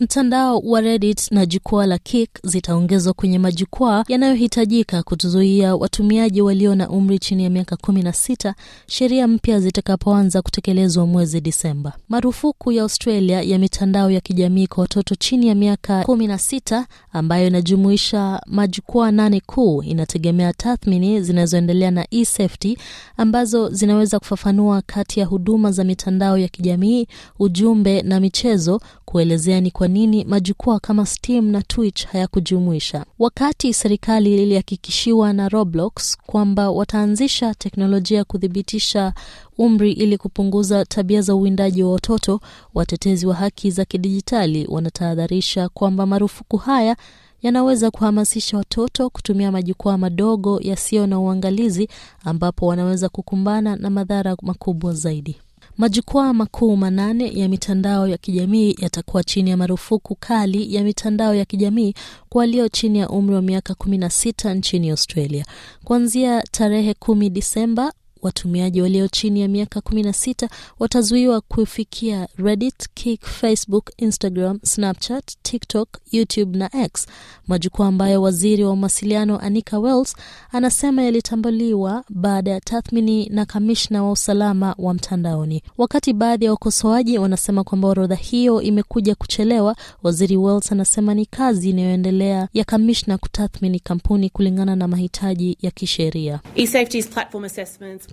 Mtandao wa Reddit na jukwaa la Kik zitaongezwa kwenye majukwaa yanayohitajika kutuzuia watumiaji walio na umri chini ya miaka kumi na sita sheria mpya zitakapoanza kutekelezwa mwezi Disemba. Marufuku ya Australia ya mitandao ya kijamii kwa watoto chini ya miaka kumi na sita ambayo inajumuisha majukwaa nane kuu inategemea tathmini zinazoendelea na eSafety ambazo zinaweza kufafanua kati ya huduma za mitandao ya kijamii, ujumbe na michezo kuelezea ni kwa nini majukwaa kama Steam na Twitch hayakujumuisha. Wakati serikali ilihakikishiwa na Roblox kwamba wataanzisha teknolojia ya kuthibitisha umri ili kupunguza tabia za uwindaji wa watoto, watetezi wa haki za kidijitali wanatahadharisha kwamba marufuku haya yanaweza kuhamasisha watoto kutumia majukwaa madogo yasiyo na uangalizi ambapo wanaweza kukumbana na madhara makubwa zaidi. Majukwaa makuu manane ya mitandao ya kijamii yatakuwa chini ya marufuku kali ya mitandao ya kijamii kwa walio chini ya umri wa miaka kumi sita nchini Australia kuanzia tarehe kumi Disemba Watumiaji walio chini ya miaka kumi na sita watazuiwa kufikia Reddit, Kik, Facebook, Instagram, Snapchat, TikTok, YouTube na X, majukwaa ambayo waziri wa mawasiliano Anika Wells anasema yalitambuliwa baada ya tathmini na kamishna wa usalama wa mtandaoni. Wakati baadhi ya wakosoaji wanasema kwamba orodha hiyo imekuja kuchelewa, waziri Wells anasema ni kazi inayoendelea ya kamishna kutathmini kampuni kulingana na mahitaji ya kisheria.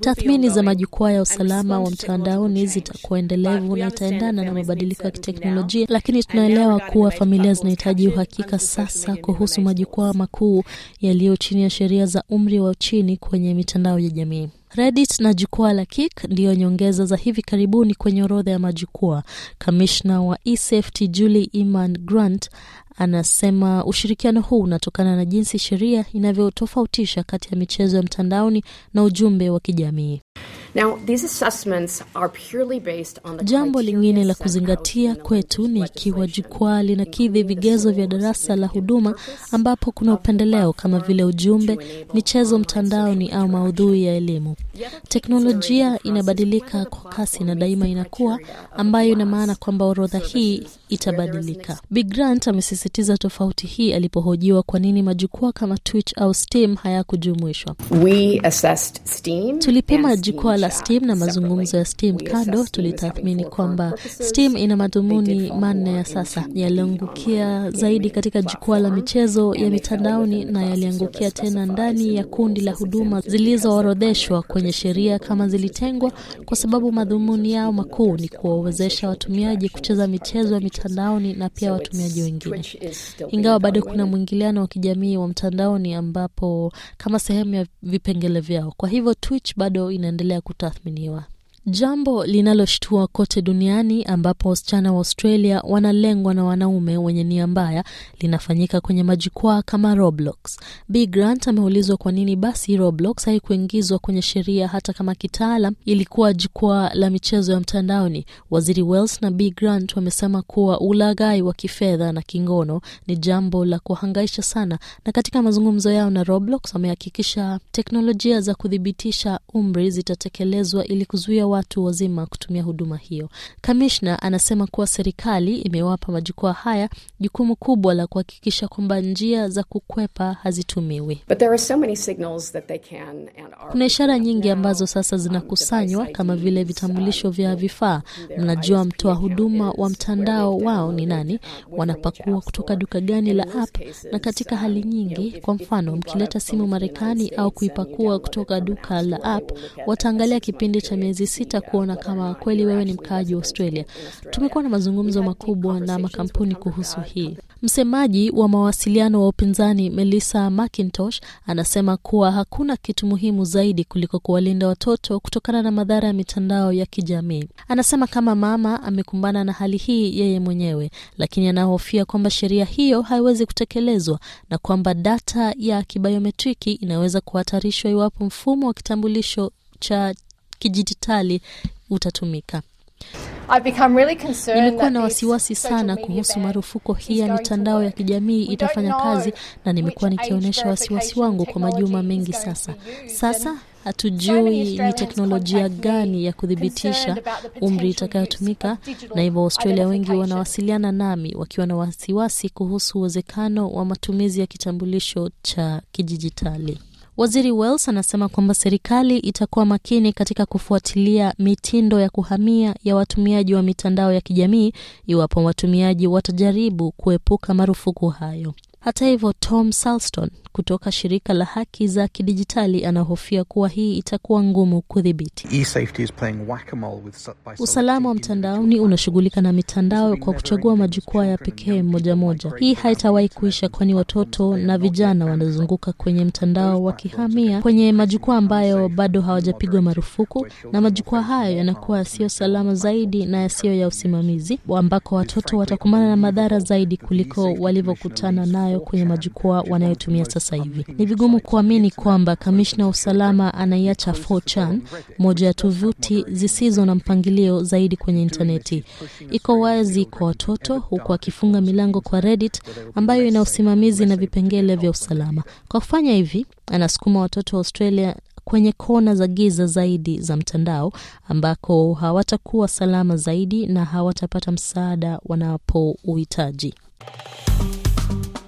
Tathmini za majukwaa ya usalama wa mtandaoni zitakuwa endelevu na itaendana na mabadiliko ya kiteknolojia, lakini tunaelewa kuwa familia zinahitaji uhakika sasa kuhusu majukwaa makuu yaliyo chini ya sheria za umri wa chini kwenye mitandao ya jamii. Reddit na jukwaa la Kik ndiyo nyongeza za hivi karibuni kwenye orodha ya majukwaa. Kamishna wa eSafety Julie Iman Grant Anasema ushirikiano huu unatokana na jinsi sheria inavyotofautisha kati ya michezo ya mtandaoni na ujumbe wa kijamii. Now, these assessments are purely based on the jambo lingine la kuzingatia kwetu ni ikiwa jukwaa linakidhi vigezo vya darasa la huduma ambapo kuna upendeleo kama vile ujumbe, michezo mtandaoni au maudhui ya elimu. Teknolojia inabadilika kwa kasi na daima inakuwa, ambayo ina maana kwamba orodha hii itabadilika. Bi Grant amesisitiza tofauti hii alipohojiwa kwa nini majukwaa kama Twitch au Steam hayakujumuishwa. Tulipima jukwaa la Steam na mazungumzo ya Steam kando, tulitathmini kwamba Steam ina madhumuni manne ya sasa, yaliangukia zaidi katika jukwaa la michezo ya mitandaoni na yaliangukia tena ndani ya kundi la huduma zilizoorodheshwa kwenye kwenye sheria kama zilitengwa, kwa sababu madhumuni yao makuu ni kuwawezesha watumiaji kucheza michezo ya mitandaoni na pia watumiaji wengine. Ingawa bado kuna mwingiliano wa kijamii wa mtandaoni ambapo kama sehemu ya vipengele vyao. Kwa hivyo Twitch bado inaendelea kutathminiwa. Jambo linaloshtua kote duniani ambapo wasichana wa Australia wanalengwa na wanaume wenye nia mbaya linafanyika kwenye majukwaa kama Roblox. B Grant ameulizwa kwa nini basi Roblox haikuingizwa kwenye sheria hata kama kitaalam ilikuwa jukwaa la michezo ya mtandaoni. Waziri Wells na B Grant wamesema kuwa ulaghai wa kifedha na kingono ni jambo la kuhangaisha sana, na katika mazungumzo yao na Roblox wamehakikisha teknolojia za kuthibitisha umri zitatekelezwa ili kuzuia watu wazima kutumia huduma hiyo. Kamishna anasema kuwa serikali imewapa majukwaa haya jukumu kubwa la kuhakikisha kwamba njia za kukwepa hazitumiwi. Kuna ishara nyingi ambazo sasa zinakusanywa kama vile vitambulisho vya uh, vifaa. Mnajua mtoa huduma wa mtandao wao ni nani, uh, wanapakua kutoka duka gani la app, na katika uh, hali nyingi, kwa mfano, mkileta simu Marekani au kuipakua kutoka duka la app, wataangalia kipindi cha miezi sita kuona kama kweli wewe ni mkaaji wa Australia. Tumekuwa na mazungumzo makubwa na makampuni kuhusu hii. Msemaji wa mawasiliano wa upinzani Melissa McIntosh anasema kuwa hakuna kitu muhimu zaidi kuliko kuwalinda watoto kutokana na madhara ya mitandao ya kijamii. Anasema kama mama amekumbana na hali hii yeye mwenyewe, lakini anahofia kwamba sheria hiyo haiwezi kutekelezwa na kwamba data ya kibayometriki inaweza kuhatarishwa iwapo mfumo wa kitambulisho cha kidijitali utatumika. Really nimekuwa na wasiwasi sana kuhusu marufuko hii ya mitandao ya kijamii itafanya kazi, na nimekuwa nikionyesha wasiwasi wangu kwa majuma mengi sasa. Sasa hatujui ni teknolojia gani ya kuthibitisha umri itakayotumika, na hivyo Australia wengi wanawasiliana nami wakiwa na wasiwasi kuhusu uwezekano wa matumizi ya kitambulisho cha kidijitali. Waziri Wells anasema kwamba serikali itakuwa makini katika kufuatilia mitindo ya kuhamia ya watumiaji wa mitandao ya kijamii iwapo watumiaji watajaribu kuepuka marufuku hayo. Hata hivyo, Tom Salston kutoka shirika la haki za kidijitali anahofia kuwa hii itakuwa ngumu kudhibiti. Usalama wa mtandaoni unashughulika na mitandao kwa kuchagua majukwaa ya pekee moja moja. Hii haitawahi kuisha, kwani watoto na vijana wanazunguka kwenye mtandao wakihamia kwenye majukwaa ambayo bado hawajapigwa marufuku, na majukwaa hayo yanakuwa yasiyo salama zaidi na yasiyo ya usimamizi, ambako watoto watakumbana na madhara zaidi kuliko walivyokutana nayo nayo kwenye majukwaa wanayotumia sasa hivi. Ni vigumu kuamini kwamba kamishna wa usalama anaiacha 4chan, moja ya tovuti zisizo na mpangilio zaidi kwenye intaneti. Iko wazi kwa watoto, huku akifunga milango kwa Reddit ambayo ina usimamizi na vipengele vya usalama. Kwa kufanya hivi, anasukuma watoto wa Australia kwenye kona za giza zaidi za mtandao ambako hawatakuwa salama zaidi na hawatapata msaada wanapouhitaji